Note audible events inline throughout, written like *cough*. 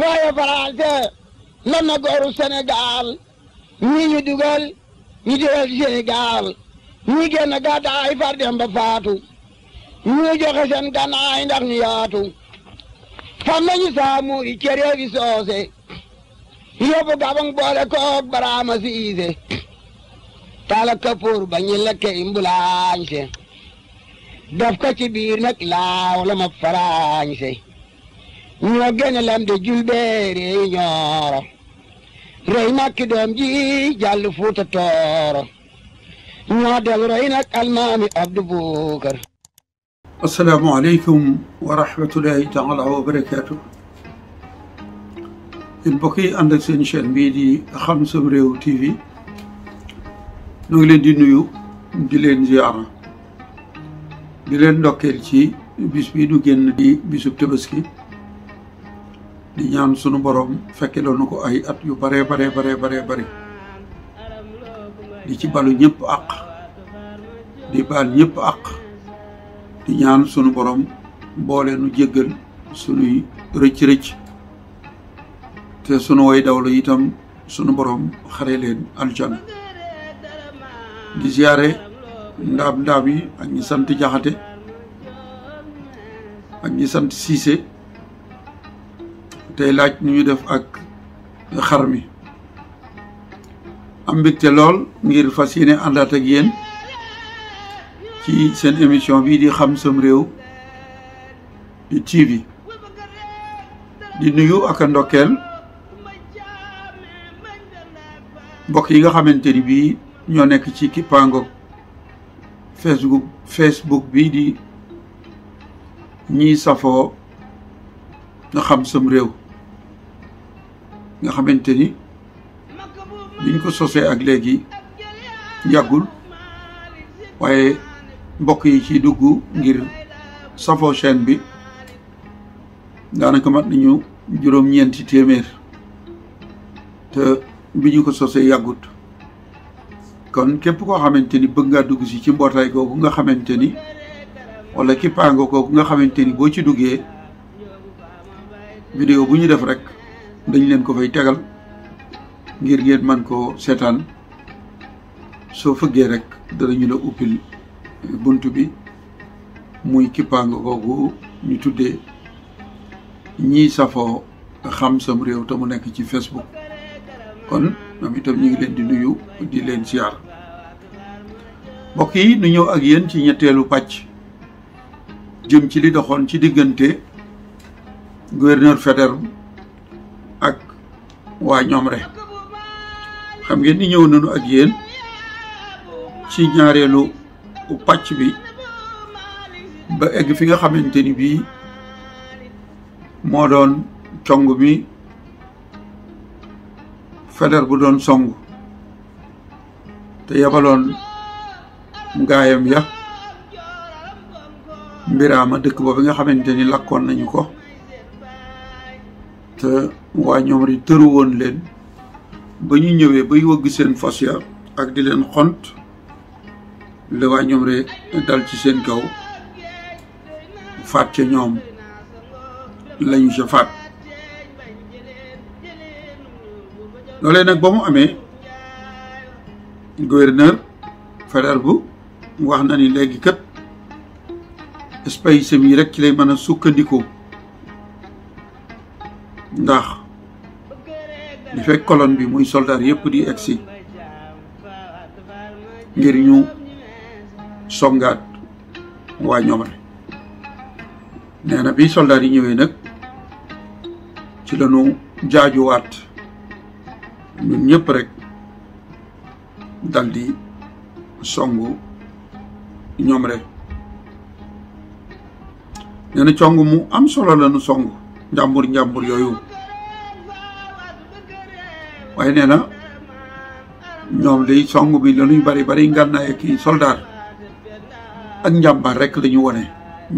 waaye Faranse man na gooru Sénégal ñii ñu dugal ñu dugal Sénégal ñii génn gàddaay far dem faatu ñii joxe seen gànnaay ndax ñu yaatu fam nañu saamu i cere bi soose yóbbu gabang boole koog baraama siise tala kapoor ba ñi lekke imbulaañse daf ko ci biir nag laaw la ma faraañse ñoo gën a lam de julbeeri ñooro rey makki doom ji jàll fuuta tooro ñoo del rey nag almaami abdu buukar asalaamu aleykum wa rahmatullahi wa barakaatu yéen mbokk yi ànd ak seen bii di xam sam réew TV ñu leen di nuyu di leen ziara di leen ndokkeel ci bis bi di bisub tabaski di ñaan sunu borom fekke loonu ko ay at yu bare bare bare bare bare di ci balu ñëpp àq di baal ñëpp àq di ñaan sunu boroom boole nu jéggal sunuy rëcc rëcc te sunu way dawlu itam sunu boroom xare leen aljana di ziyaare ndaab ndaab yi ak ñi sant jaxate ak ñi sant siise tey laaj ñu def ak xar mi am mbégte lool ngir fas yéene àndaat ak yéen ci seen émission bii di xam sam réew di TV di nuyu ak a ndokkeel mbokk yi nga xamante ni bii ñoo nekk ci kippaango Facebook Facebook bi di ñiy safoo nga xam sëm réew nga xamante ni biñ ko sosee ak léegi yàggul waaye mbokk yi ci dugg ngir safoo chaîne bi daanaka mat nañu juróom-ñeenti téeméer te bi ñu ko sosee yàggut kon képp koo xamante ni bëgg ngaa dugg si ci mbootaay kooku nga xamante ni wala kippaango googu nga xamante ni boo ci duggee vidéo bu ñu def rek dañ leen ko fay tegal ngir ngeen man koo seetaan soo fëggee rek danañu la uppil eh, bunt bi muy kippaanga googu ñu tuddee ñii safoo xam sam réew te mu nekk ci Facebook kon ñoom itam ñu ngi leen di nuyu di leen siyaar mbokk yi nu ñëw ak yéen ci ñetteelu pàcc jëm ci li doxoon ci diggante gouverneur Faidherbe waa ñoom rek xam ngeen ni ñëw nañu ak yéen ci ñaareelu pàcc bi ba egg fi nga bi ni bii moo doon cong mi feder bu doon song te yabaloon gaayam ya mbiraama dëkk boobu nga xamante lakkoon nañu ko te waa ñoom yi tëru woon leen ba ñu ñëwee bay wëgg seen fas ya ak di leen xont la waa ñoom dal ci seen kaw faat ca ñoom lañu ca faat loolee nag ba mu amee gouverneur Faidherbe bu wax na ni léegi kat espace yi rek ci lay mën a sukkandiku ndax li fekk colonne bi muy soldat yëpp di egsi ngir ñu songaat waa ñoomre nee bi soldat yi ñëwee nag ci lañu jaajuwaat ñun ñëpp rek daldi songu ñoomre nee songu mu am solo lanu songu njàmbur njàmbur yooyu waaye nee na ñoom day song bi lañuy bari bari ngànnaay ak soldaar ak njàmbar rekk la wone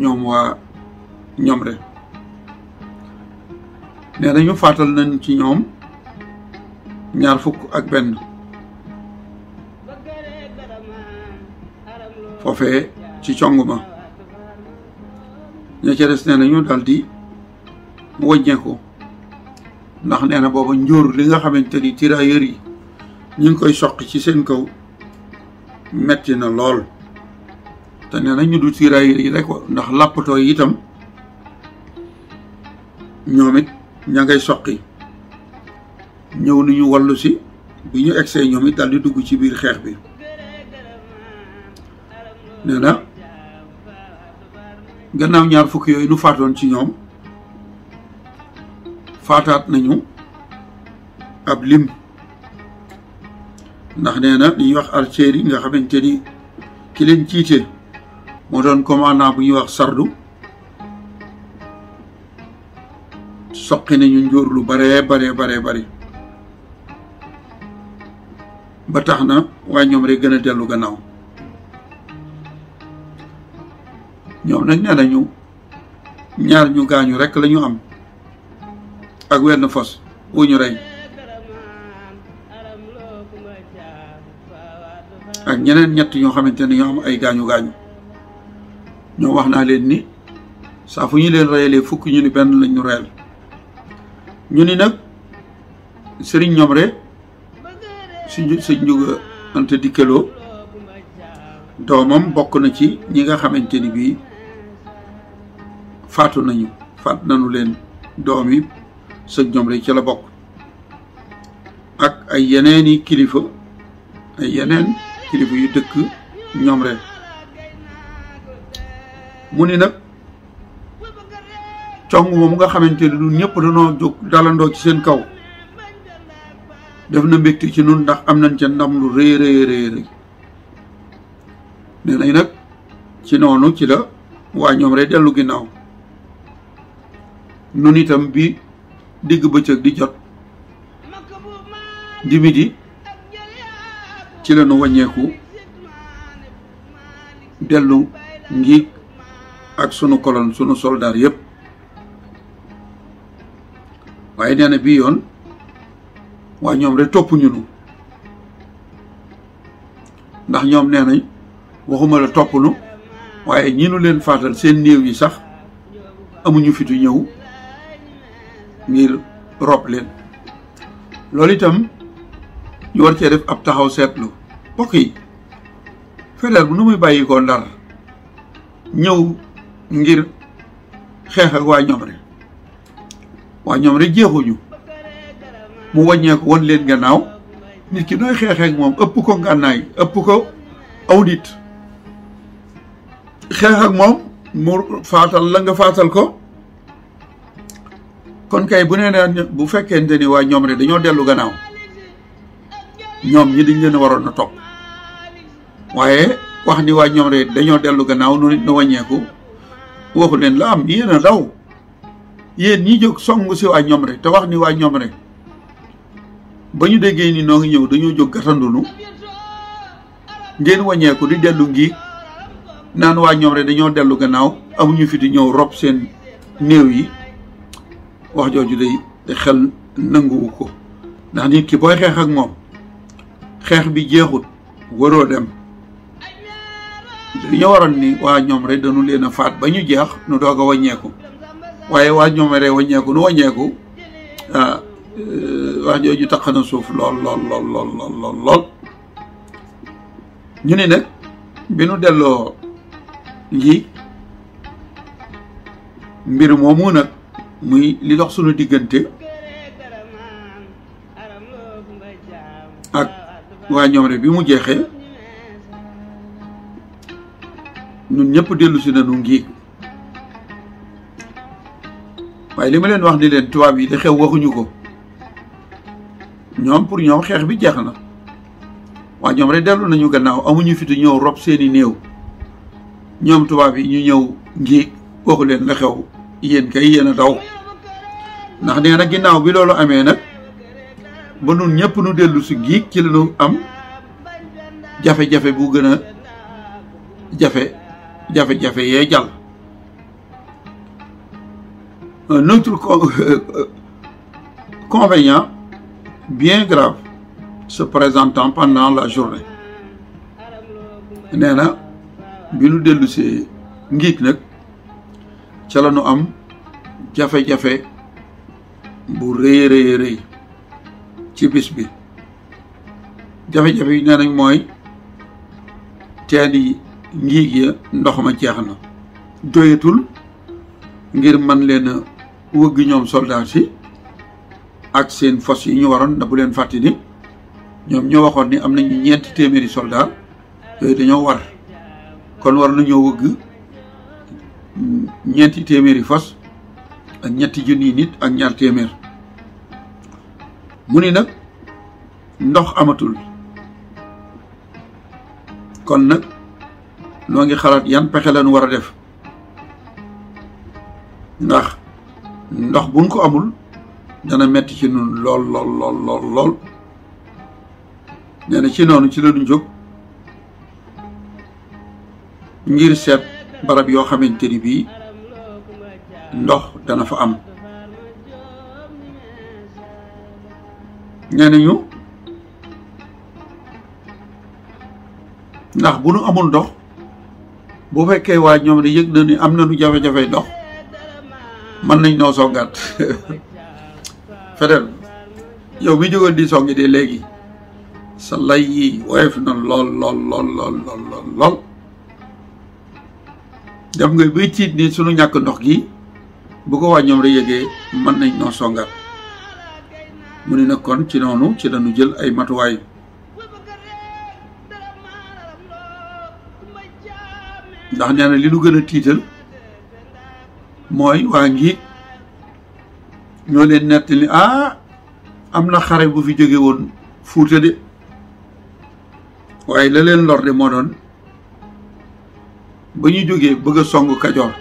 ñoom waa ñoom rek nee nañu faatal nañ ci ñoom ñaar fukk ak benn foofee ci cong ma ña ca des nee nañu daal di wàññeeku ndax nee na booba njóor li nga xamante ni tirailleurs yi ñu ngi koy soqi ci seen kaw metti na lool te nee na ñu du tirailleurs yi rek ndax làppatoo yi itam ñoomit it ña ngay soqi ñëw nañu wallu si bi ñu egsee ñoom it daal dugg ci biir xeex bi nee na gannaaw ñaar fukki yooyu nu faatoon ci ñoom faataat nañu ab lim ndax nee na li ñuy wax archers yi nga xamante ni ki leen jiite moo doon commandant bu ñuy wax sardu soqi nañu njóor lu bare bare bare bari ba tax na waaye ñoom rek gën a dellu gannaaw ñoom nañ nee nañu ñaar ñu gaañu rek lañu am ak wenn fos wu ñu rey ak ñeneen ñett ñoo xamante ne ñoo am ay gaañu gaañu ñoo wax naa leen ni saa fu ñu leen reyalee fukk ñu ni benn lañu reyal ñu ni nag sëriñ ñoom rek suñu sëñ njuga ante dikkaloo doomam bokk na ci ñi nga xamante ni bii faatu nañu faat nañu leen doom yi sëñ Jomre ci la bokk ak ay yeneeni kilifa ay yeneen kilifa yu dëkk Ñomre mu ni nag cong mu nga xamante ni ñun ñëpp dañoo jóg dalandoo ci seen kaw def na mbégte ci nun ndax am nañ ca ndam lu rëy rëy rëy nag ci noonu ci la waa Ñomre dellu ginnaaw nun itam bi digg bëccëg di jot di midi ci la ñu wàññeeku dellu ngiig ak sunu kolon sunu soldaar yépp waaye nee na bii yoon waaye ñoom rek topp nu ndax ñoom nee nañ waxuma la topp waaye ñi nu leen faatal seen néew yi sax amuñu fitu ñëw ngir rob leen loolu itam ñu war cee def ab taxaw seetlu mbokk yi Faidherbe bu nu muy bàyyi ko Ndar ñëw ngir xeex ak waa Ñomre waa Ñomre jeexuñu mu wàññeeku won leen gannaaw nit ki nooy xeexee ak moom ëpp ko ngànnaay ëpp ko awdit xeex ak moom mu faatal la nga faatal ko kon kay bu nee ne bu fekkente ni waa ñoom rek dañoo dellu gannaaw ñoom ñi dañ leen waroon a topp waaye wax ni waa ñoom dañoo dellu gannaaw nu nit nu wàññeeku waxu leen la am yéen a daw yéen ñi jóg song si waa ñoom rek te wax ni waa ñoom rek ba ñu déggee ni noo ngi ñëw dañoo jóg gàttandulu ngeen wàññeeku di dellu ngi naan waa ñoom dañoo dellu gannaaw amuñu fi di ñëw rob seen néew yi wax jooju day xel nanguwu ko ndax nit ki booy xeex ak moom xeex bi jeexut waroo dem li ñu waroon ni waa ñoom rek dañu leen a faat ba ñu jeex nu doog a wàññeeku waaye waa ñoom rek wàññeeku nu wàññeeku ah, euh, wax jooju taq na suuf lool lool lool lool lool lool ñu ni nag bi nu delloo lii mbir moomu nag muy li dox sunu diggante ak waa ñoom bi mu jeexee ñun ñëpp dellusi na nu ngi waaye li ma leen wax ni leen tubaab yi di xew waxuñu ko ñoom pour ñoom xeex bi jeex na waa ñoom rek dellu nañu gannaaw amuñu fitu ñëw rob seeni néew ñoom tubaab yi ñu ñëw ngi waxu leen la xew yéen kay yéen a ndax nee na bi loolu amé nak ba nun ñëpp nu dellu si giig ci la nu am jafé jafé bu gëna jafé jafé jafé ye yee un autre euh, euh, convénient bien grave se présentant pendant la journée nee bi nu dellu ci ngiig nak ca la ñu am jafe-jafe bu rëy rëy rëy ci bis bi jafe-jafe yi nee nañ mooy teen yi ngiig ya ndox ma jeex na doyatul ngir man leen a wëgg ñoom soldat si ak seen fos yi ñu waroon da bu leen fàtti ni ñoom ñoo waxoon ni am nañu ñeenti téeméeri soldat yooyu dañoo war kon war nañoo wëgg ñeenti téeméeri fas ak ñetti junniy nit ak ñaar téeméer mu ni nag ndox amatul kon nag noo ngi xalaat yan pexe lañ war a def ndax ndox buñ ko amul dana metti ci nun lool lool lool lool ci noonu ci la ñu jóg ngir seet barab yoo xamante ni bii ndox dana fa am nee nañu ndax bu nu amul ndox bu fekkee waa ñoom di yëg na ni am nañu jafe-jafe ndox mën nañ noo songaat *laughs* feder yow mi jógoon di songi de léegi sa lay yi woyof na lool lool lool lool lool lool nga buy tiit ni sunu ñàkk ndox gi bu ko waa ñoom rek yëgee mën nañ noo songaat mu ni nag kon ci noonu ci lañu jël ay matuwaay ndax nee na li nu gën a tiital mooy waa ngi ñoo leen nettali ah am na xare bu fi jóge woon fuuta de waaye la leen lor de moo doon ba ñu jógee bëgg song kajoor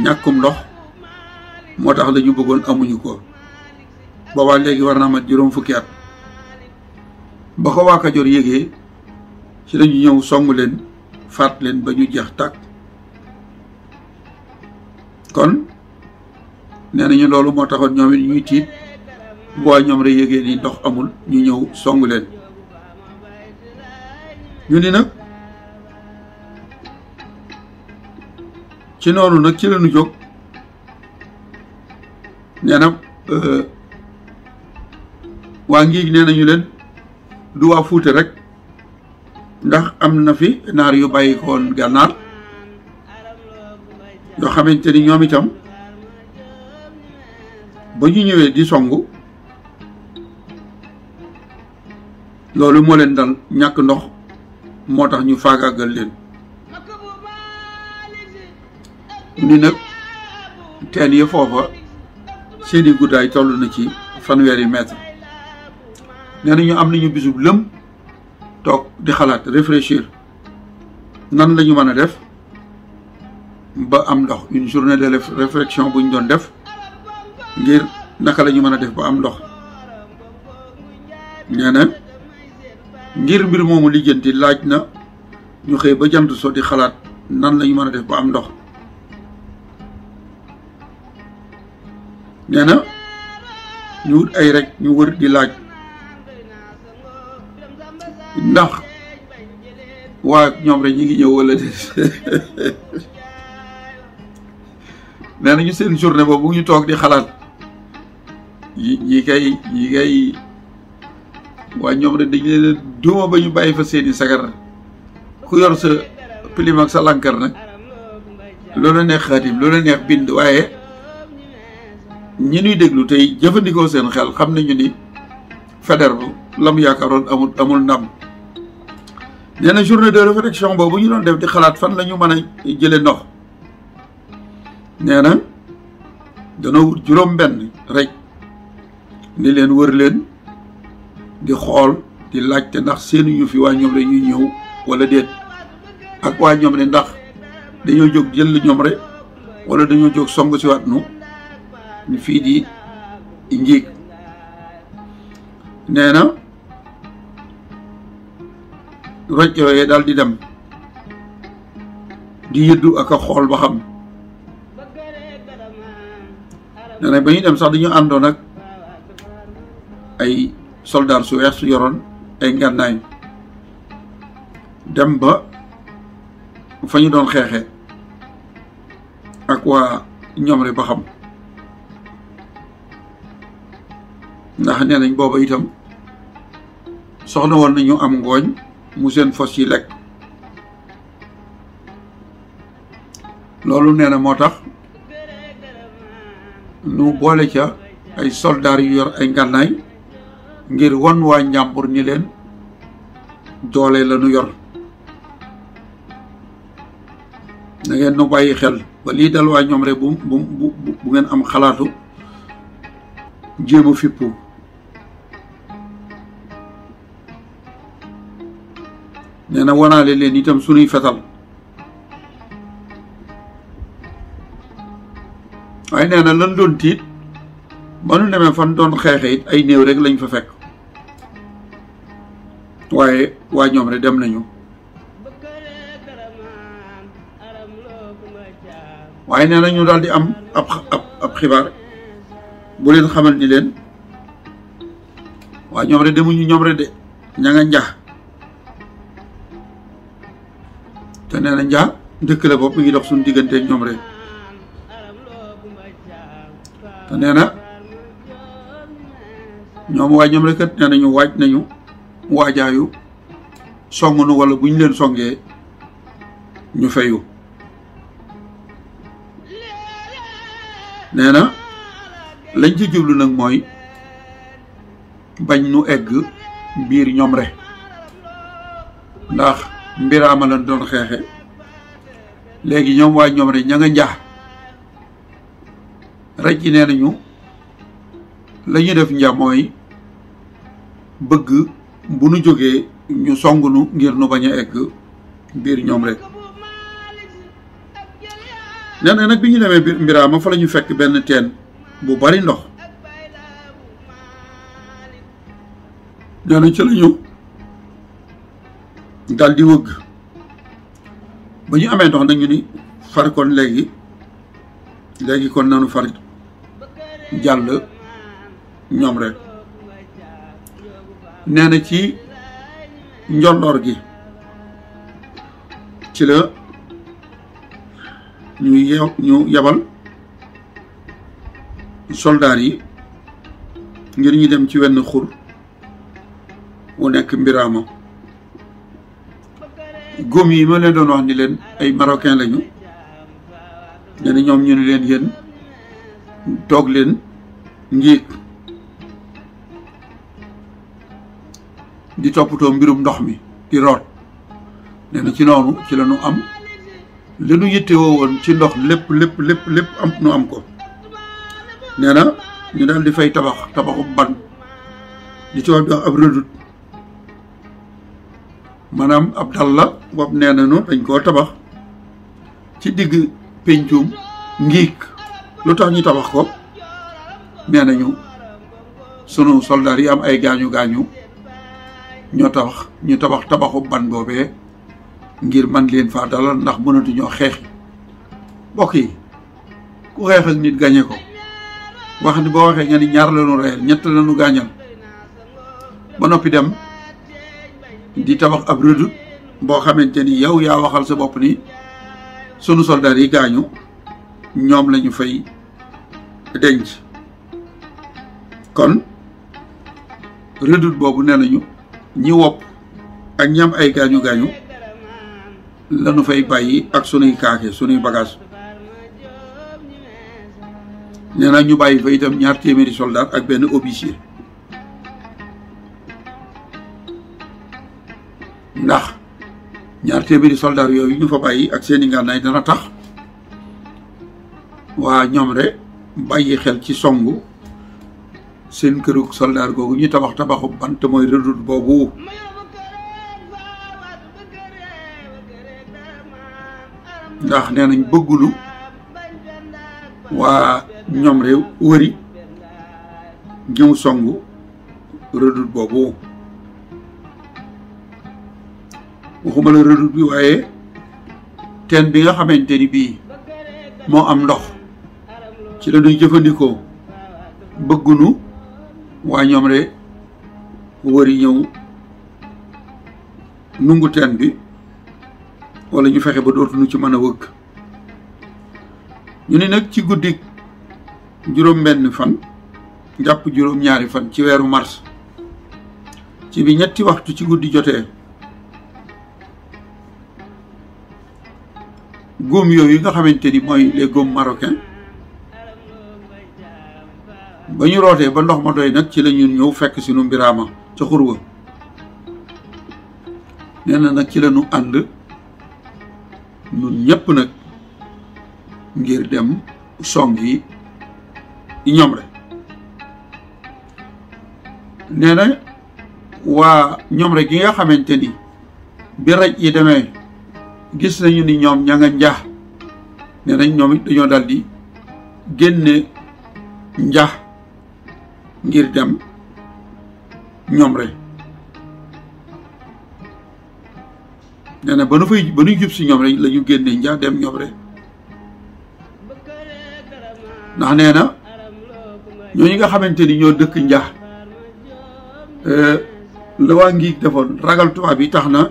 ñàkkum ndox moo tax la bëggoon amuñu ko boobaa léegi war naa mat juróom fukki at ba ko waa Kajoor yégee ci lañu ñëw song leen faat leen ba ñu jeex tàkk kon nee nañu loolu moo taxoon ñoom it ñuy tiit waa ñoom rek yégee ni ndox amul ñu ñëw song leen ñu ni nag ci noonu nag ci leenu jóg nee euh, waa ngi nee nañu leen du waa Fuuta rek ndax am na fi naar yu bàyyi ko woon gànnaar yoo xamante ni ñoom itam ba ñu ñëwee di songu loolu moo leen dal ñàkk ndox moo tax ñu faagaagal leen mu ni nag teen yi foofa seeni guddaay toll na ci fanweeri mètre nee nañu am nañu bisub lëm toog di xalaat réfléchir nan lañu ñu mën a def ba am ndox une journée de réflexion bu ñu doon def ngir naka la ñu mën a def ba am ndox nee na ngir mbir moomu lijjanti laaj na ñu xëy ba jant soo di xalaat nan lañu ñu mën a def ba am ndox nee na ñu wut ay rek ñu wër di laaj ndax waa ñoom rek ñi ngi ñëw wala déet *laughs* nee ñu seen journée boobu ñu toog di xalaat yi ñi kay ñi kay waa ñoom rek dañ leen duma ba ñu bàyyi fa seeni sagar ku yor sa pilim ak sa lankar nag loolu neex xaatim loolu neex bind waaye ñi ñuy déglu tey jëfandikoo seen xel xam nañu ni Faidherbe lam yaakaaroon amul amul ndam nee na journée de réflexion boobu ñu doon def di xalaat fan la mën a jële ndox nee na dana wut juróom-benn rek ni leen wër leen di xool di laajte ndax seeni ñu fi waa ñoom rek ñuy ñëw wala déet ak waa ñoom ne ndax dañoo jóg jël ñoom rek wala dañoo jóg song si waat nu fii di njiig nee na roj yooyee daal di dem di yëddu ak a xool ba xam nee ba ñuy dem sax dañu àndoon ak ay soldaar su weex su yoroon ay ngànnaay dem ba fa ñu doon xeexe ak waa ñoom rek ba xam ndax nee nañ booba itam soxla woon nañu am ngooñ mu seen fos yi lekk loolu nee na moo tax nu boole ca ay soldaar yu yor ay ngànnaay ngir won waa njàmbur ni leen doole la nu yor na ngeen nu bàyyi xel ba lii dal waa ñoom rek bu bu bu ngeen am xalaatu jéem fippu nee na wanaale leen itam sunuy fetal waaye nee na lan doon tiit ba nu demee fan doon xeexe it ay néew rekk lañu fa fekk waaye waa ñoom rek dem nañu waaye nee na ñu di am ab ab ab xibaar bu leen xamal ni leen waa ñoom rek demuñu ñoom rek de ña nga njax te nee na njaa dëkk la bopp mi ngi dox suñu digganteeg ñoom rek te nee na ñoom waay ñoom rek kat nee nañu waaj nañu waajaayu song nu wala bu ñu leen songee ñu fayu nee na lañ ci jublu nag mooy bañ nu egg biir ñoom rek ndax mbiraama lan doon xeexe léegi ñoom waa ñoom rek ña nga njaax rek nee nañu la def nja mooy bëgg bu nu jógee ñu song nu ngir nu bañ a egg biir ñoom rekk nee nag bi ñu demee biir mbiraama fa la ñu fekk benn teen bu bari ndox nee na ci lañu daal di wëgg ba ñu amee ndox nag ni far kon léegi léegi kon nanu far jàll ñoom rek nee na ci njolloor gi ci la ñu yew ñu yebal soldaar yi ngir ñu dem ci wenn xur wu nekk mbiraama góom yi ma leen doon wax ni leen ay marocain lañu nee na ñoom ñu ni leen yéen toog leen njiit di toppatoo mbirum ndox mi di root nee na ci noonu ci la ñu am li nu yittewoo woon ci ndox lépp lépp lépp lépp am nu am ko nee na ñu daal di fay tabax tabaxu ban di ci wax ab redoute maanaam ab dal la bopp nee nañu dañ koo tabax ci digg pencum ngiig lu tax ñu tabax ko nee nañu sunu soldaar yi am ay gaañu gaañu ñoo tabax ñu tabax tabaxu ban boobee ngir man leen faa dalal ndax mënatuñoo xeexi mbokk yi ku xeex ak nit gañe ko wax ni boo waxee nga ni ñaar lañu reyal ñett lañu gaañal ba noppi dem di tabax ab redoute boo xamante ni yow yaa waxal sa bopp ni sunu soldats yi gaañu ñoom lañu fay denc kon redoute boobu nee nañu ñi wopp ak ñam ay gaañu gaañu lañu fay bàyyi ak sunuy kaake sunuy bagage nee naa ñu bàyyi fa itam ñaar téeméeri soldat ak benn officier téeméeri soldaar yooyu ñu fa bayyi ak seeni ngànnaay dana tax wa ñom re bayyi xel ci songu seen kërug soldat gogu ñu tabax tabaxu bant moy redout bobu ndax nenañ bëggulu wa ñom re wëri ñëw songu redout bobu waxuma la redoute bi waaye teen bi nga xamante ni bii moo am ndox ci la ñuy jëfandikoo bëggunu waa ñoom de wëri ñëw nungu teen bi wala ñu fexe ba dootuñu ci mën a wëgg ñu ni nag ci guddi juróom benn fan jàpp juróom ñaari fan ci weeru mars ci bi ñetti waxtu ci guddi jotee góom yooyu nga xamante ni mooy les góom marocains ba ñu rootee ba ndox ma doy nag ci lañu ñëw fekk si nu mbiraama ca xurwa nee na nag ci la ñu ànd ñun ñëpp nag ngir dem song yi ñoom rek nee na waa ñoom gi nga xamante ni bi raj yi demee gis nañu ni ñoom ña nga njax nee nañ ñoom it dañoo daal di génne njax ngir dem ñoom rek nee na ba nu fay ba nu jub si ñoom rek la génne njax dem ñoom rek ndax nee na ñooñu nga xamante ni ñoo dëkk njax euh, la waa ngi defoon ragal tubaab bi tax na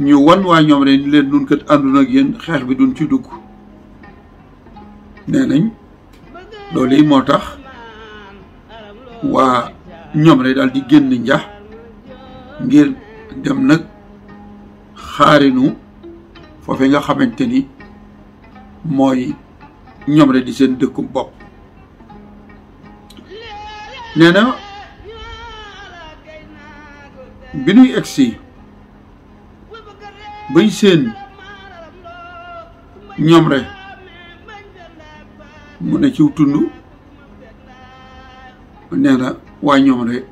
ñu wan waa ñoom rek ni leen nun ànduna ak xeex bi duñ ci dugg nee nañ loolu yi moo tax waa ñoom rek daal di génn njax ngir dem nag xaarinu foofe nga xamante ni mooy ñoom rek di seen dëkku bopp nee na bi ñuy egsi bañ seen ñoom rek mu ne ciw tund nee na waa ñoom rek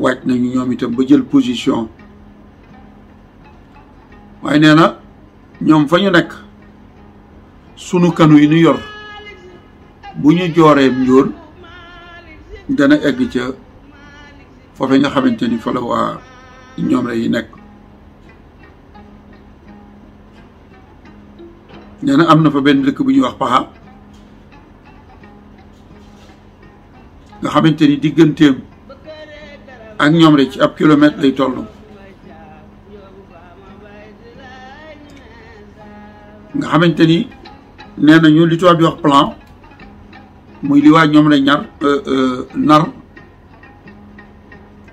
waaj nañu ñoom itam ba jël position waaye nee na ñoom fa ñu nekk sunu kanu yi ñu yor bu ñu jooreem njóor dana egg ca foofe nga xamante ni fa la waa ñoom rek yi nekk nee na fa ben dëkk bu ñuy wax paha nga xamanteni ni ak ñom rek ci ab kilomètre lay tollu nga xamanteni ni na ñu li tubaab di wax plan muy li waa ñom rek ñar euh, euh, nar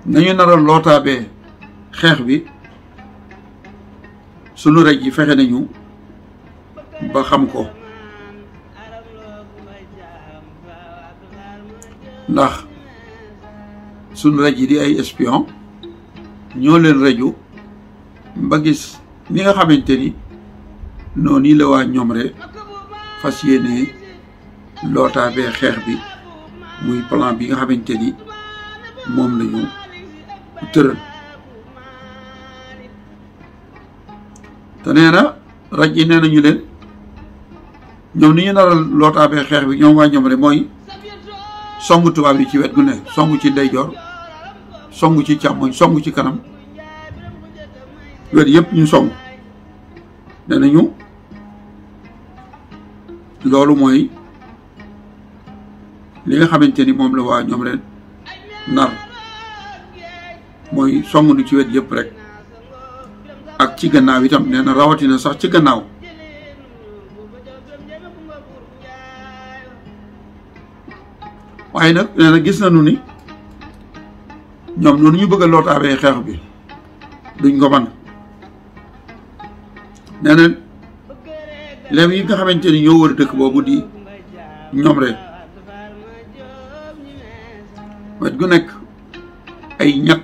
nañu naral be xex bi sunu rek yi fexé nañu ba xam ko ndax suñ raj yi di ay espion ñoo leen raju ba gis ni nga xamante ni noonu yi la waa Ñomre fas yéene lootaabee xeex bi muy plan bi nga xamante ni moom lañu tëral te nee na raj yi nee nañu leen ñoom ni ñu naral lootaabee xeex bi ñoom waa ñoom rek mooy songu tubaab yi ci wet gu ne songu ci ndeyjoor songu ci càmmoñ songu ci kanam wet yëpp ñu songu ne nañu loolu mooy li nga xamante ni moom la ñoom ren nar mooy song nu ci wet yëpp rek ak ci gannaaw itam nee na rawatina sax ci gannaaw waaye nag gis na gis ni ñoom noonu ñu bëgg a lootaabee xeex bi duñ ko mën nee na yi nga xamante ni war a dëkk boobu di ñoom rek wet gu nekk ay ñett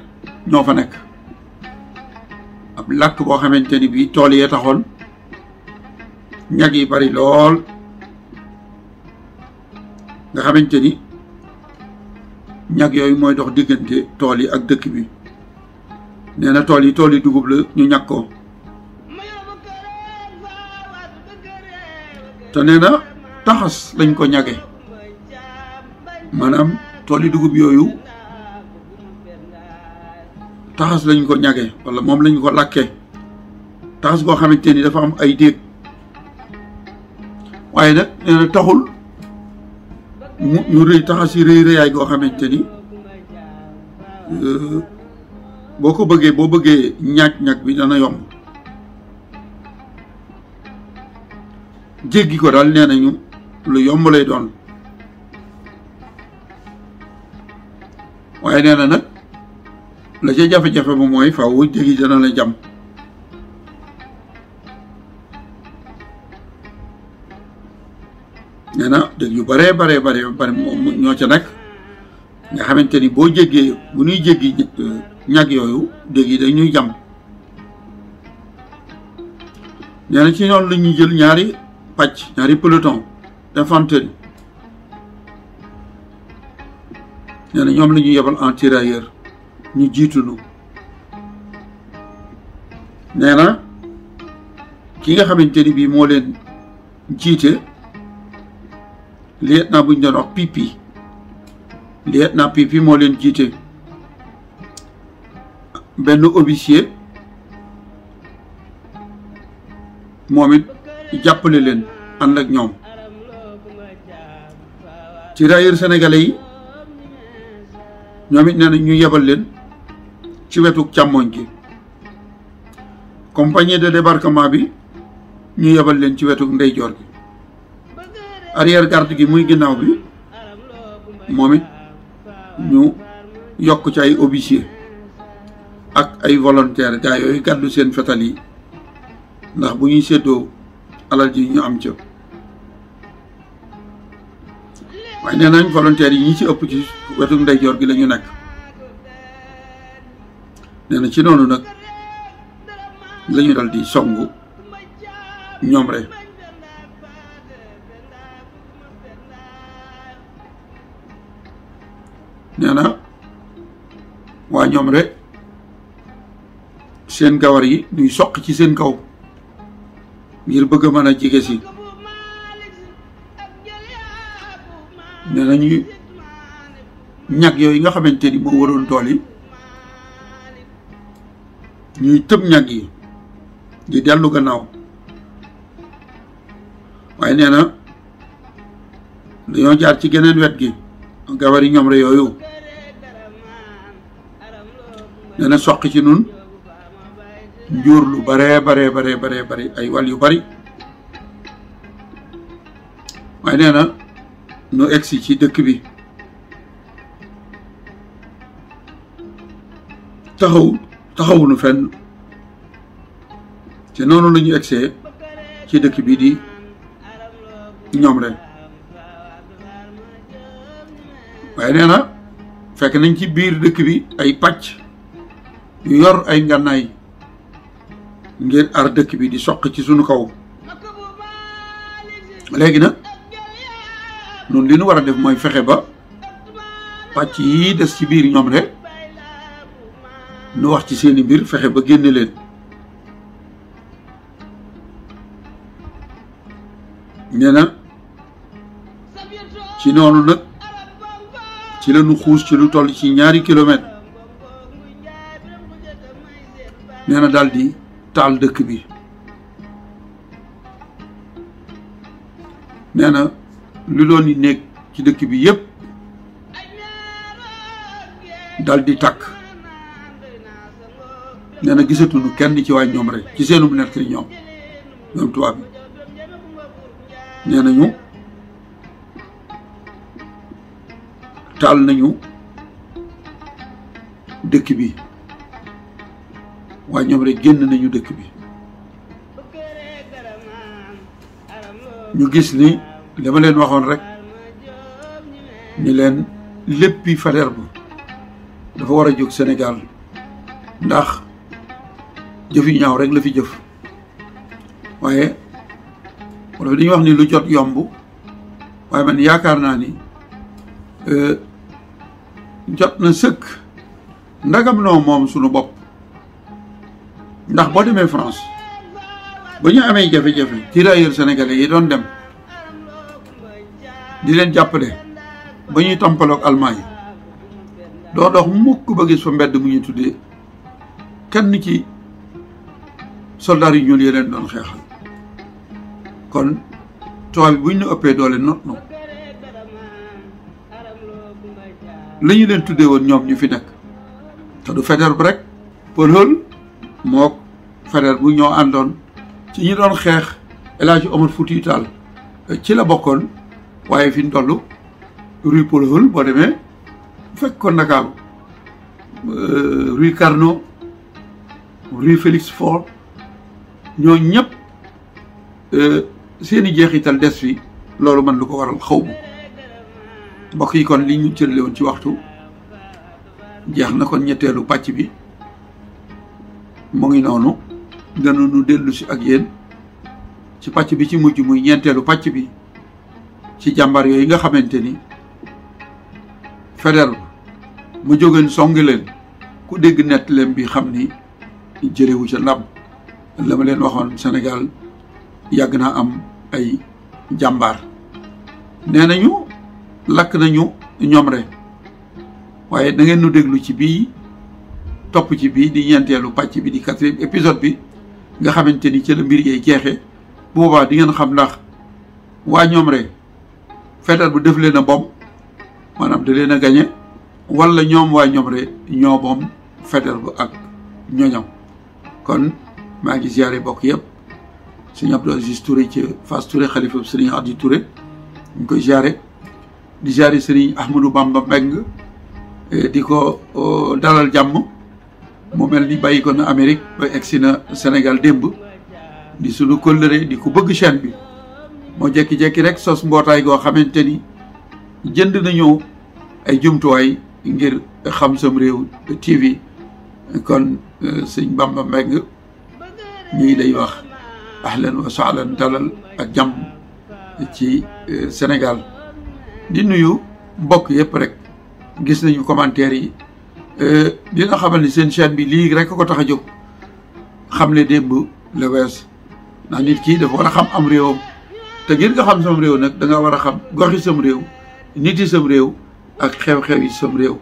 ñoo fa nekk ab làkk boo xamante ni bii tool yee taxoon ñag yi bari lool nga xamante ni ñag yooyu mooy dox diggante tool yi ak dëkk bi nee na tool yi tool yi dugub la ñu ñag ko te nee na taxas lañ ko ñage maanaam tool yi dugub yooyu taxas lañ ko ñage walla moom lañu ko làkke taxas boo xamante ni dafa am ay déeg waaye nag nee taxul mu ñu rëy taxa rëy rëyaay goo xamante ni euh, boo ko bëggee boo bëggee ñaaj-ñag bi dana yomb jéggi ko dal nee nañu lu yomb lay doon waaye nee na nag la ca jafe-jafe ba mooy faaw jéggi dana la jàmm nee na dëkk yu baree baree bare bare ñoo ca nekk nga xamante ni boo jéggee bu ñuy jéggi euh, ñag yooyu dëkk yi dañuy jam nee ci noonu lañuy jël ñaari pàcc ñaari peloton d'infanterie nee na ñoom lañuy ñuy yebal en tirailleur ñu jiitunu nee na ki nga xamante ni bii moo leen jiite lieutenant bu ñu doon wax pipi lieutenant pipi moo leen jiite benn officier moom it jàppale leen ànd ak ñoom ci railleur sénégalais yi ñoom it nee na ñu yebal leen ci wetu càmmoñ gi compagnie de débarquement bi ñu yebal leen ci wetu ndeyjoor gi arrière garde gi muy ginnaaw bi moom ñu yokk ci ay officier ak ay volontaire gaa yooyu gàddu seen fetal yi ndax bu ñuy séddoo alal yi ñu am ca waaye nee nañ yi ñi ci ëpp ci wetum ndeyjoor gi lañu ñu nekk nee ci noonu nag la ñu di songu ñoom rek waa ñoom rek seen gawar yi ñuy soq ci seen kaw ngir bëgg a mën a jege si nee nañu ñag yooyu nga xamante ni moo waroon tool yi ñuy tëb ñag yi di dellu gannaaw waaye nee na dañoo jaar ci geneen wet gi gawar yi ñoom rek yooyu dana soqi ci nun njur lu bare bare bare bare bare ay wàll yu bari waaye nee na nu egsi ci dëkk bi taxaw taxawu nu fenn te noonu la ñu egsee ci dëkk bi di ñoom leen waaye nee na fekk nañ ci biir dëkk bi ay pàcc yor ay ngannaay ngir ar dëkk bi di soq ci sunu kaw léegi nag nun li nu war a def mooy fexe ba pàcc yi des ci biir ñoom rekk nu wax ci seeni mbir fexe ba génne leen nee na ci noonu nag ci la xuus ci lu toll ci ñaari kilomètre nee na daal di taal dëkk bi nee na lu doon yi nekk ci dëkk bi yépp daldi takk tàkk nee na gisatuñu kenn ci waa ñoom rek ci seenum nekk li ñoom ñoom tubaab bi nee nañu taal nañu dëkk bi waa ñoom rek génn nañu dëkk bi ñu gis ni li ma leen waxoon rek ni leen léppi Faidherbe dafa war a jóg senegaal ndax jëf yu ñaaw rek la fi jëf waaye wala dañuy wax ni lu jot yomb waaye man yaakaar naa ni euh, jot na sëkk ndagam noo moom sunu bopp ndax boo demee France ba ñu amee jafe-jafe tirailleurs sénégalais yi doon dem di leen jàppale ba ñuy tampaloog allemand yi doo dox mukk ba gis fa mbedd mu ñuy tuddee kenn ci soldats yu ñuul yi leen doon xeexal kon tubaab bi bu ñu ëppee doole not no li ñu leen tuddee woon ñoom ñu fi nekk te du Faidherbe rek Paul Holle mook frère bu ñoo àndoon ci ñi doon xeex El Hadj Omar Foutiyou euh, ci la bokkoon waaye fi ñu toll rue boo demee fekkoon Ndakaaru euh, rue Carnot rue ñoo ñëpp euh, seeni jeexital des fi loolu man lu ko waral xaw ma mbokk yi kon li ñu cërale woon ci waxtu jeex na kon ñetteelu pàcc bi mu ngi noonu nga nu delu si ak yeen ci pàcc bi ci mujj muy ñentelu pàcc bi ci jambar yoy nga xamanteni federal mu jogen jógeen songi leen ku deg net lem bi xamni jere wu ci lama len waxon senegal yagna am ay jambar nenañu lak nañu ñom re waye da ngeen nu deglu ci bi top ci bi di ñentelu pàcc bi di episode bi nga xamante ni ci la mbir yee jeexee bu boobaa di ngeen xam ndax waa ñoom re feetal bu def leen a bom maanaam da leen a gañe walla ñoom waa ñoom rek ñoo bom feetal bu ak ñoñam kon maa ngi ziare bokk yëpp sëñ Abdou Aziz Touré ci Fass Touré xalifa sëriñ Adi Touré ñu koy ziare di ziare sëriñ Ahmadou Bamba Mbeng eh, di ko oh, dalal jàmm mu mel ni bàyyi ko na Amérique ba egsi na Sénégal démb di sunu kóllëre di ku bëgg chaîne bi moo jekki-jekki rek sos mbootaay goo xamante ni jënd nañu ay jumtuwaay ngir xam sam réew TV kon euh, sëñ Bamba Mbeng ñii day wax ahlan wa sahlan dalal ak jàmm ci euh, Sénégal di nuyu mbokk yëpp rek gis nañu commentaire yi Eh, dina xamal ni seen chaîne bi lii rek ko tax a jóg xam ne démb la wees ndax nit kii dafa war a xam am réewam te ngir nga xam sam réew nag da war a xam goxi sam réew nit yi sam réew ak xew-xew yi sam réew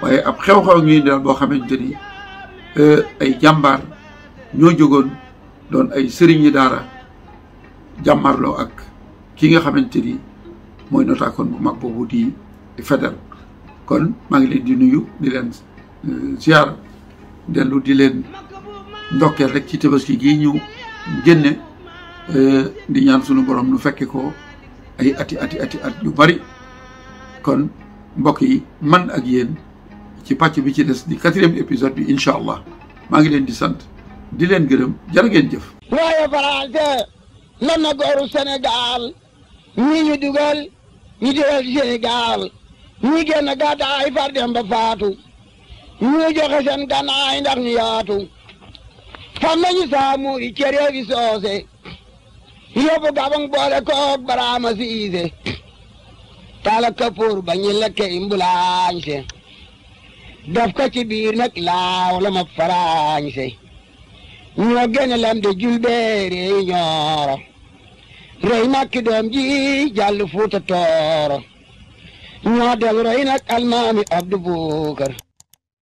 waaye ab xew-xew ngi daal boo xamante ni eh, ay jàmbaar ñoo jógoon doon ay sëriñ yi daara jàmmarloo ak ki nga xamante ni mooy notaakoon bu mag boobu di Faidherbe kon maa ngi leen di nuyu di leen ziar dellu di leen ndokkeel rek ci tabaski gii ñu génne eh, di ñaan sunu borom nu fekke ko ay ati ati ati at yu bari kon mbokk yi man ak yéen ci pàcc bi ci des di quatrième épisode bi incha allah maa ngi leen di sant di leen gërëm jërë ngeen jëf waaye français lan na gooru Sénégal ñii ñu dugal ñu dugal Sénégal ñii génn gàddaay far dem ba faatu ñu joxe seen gànnaay ndax ñu yaatu fan nañu saamu soose yóbbu gabang boole koog baraama tala kapoor ba ñu lekke imbulaañse daf ko ci biir la ma faraañse ñoo gene lam de julbeere ñooro rey makki doom ji jàll fuuta tooro ñoo del rey nag almaami abdu buukar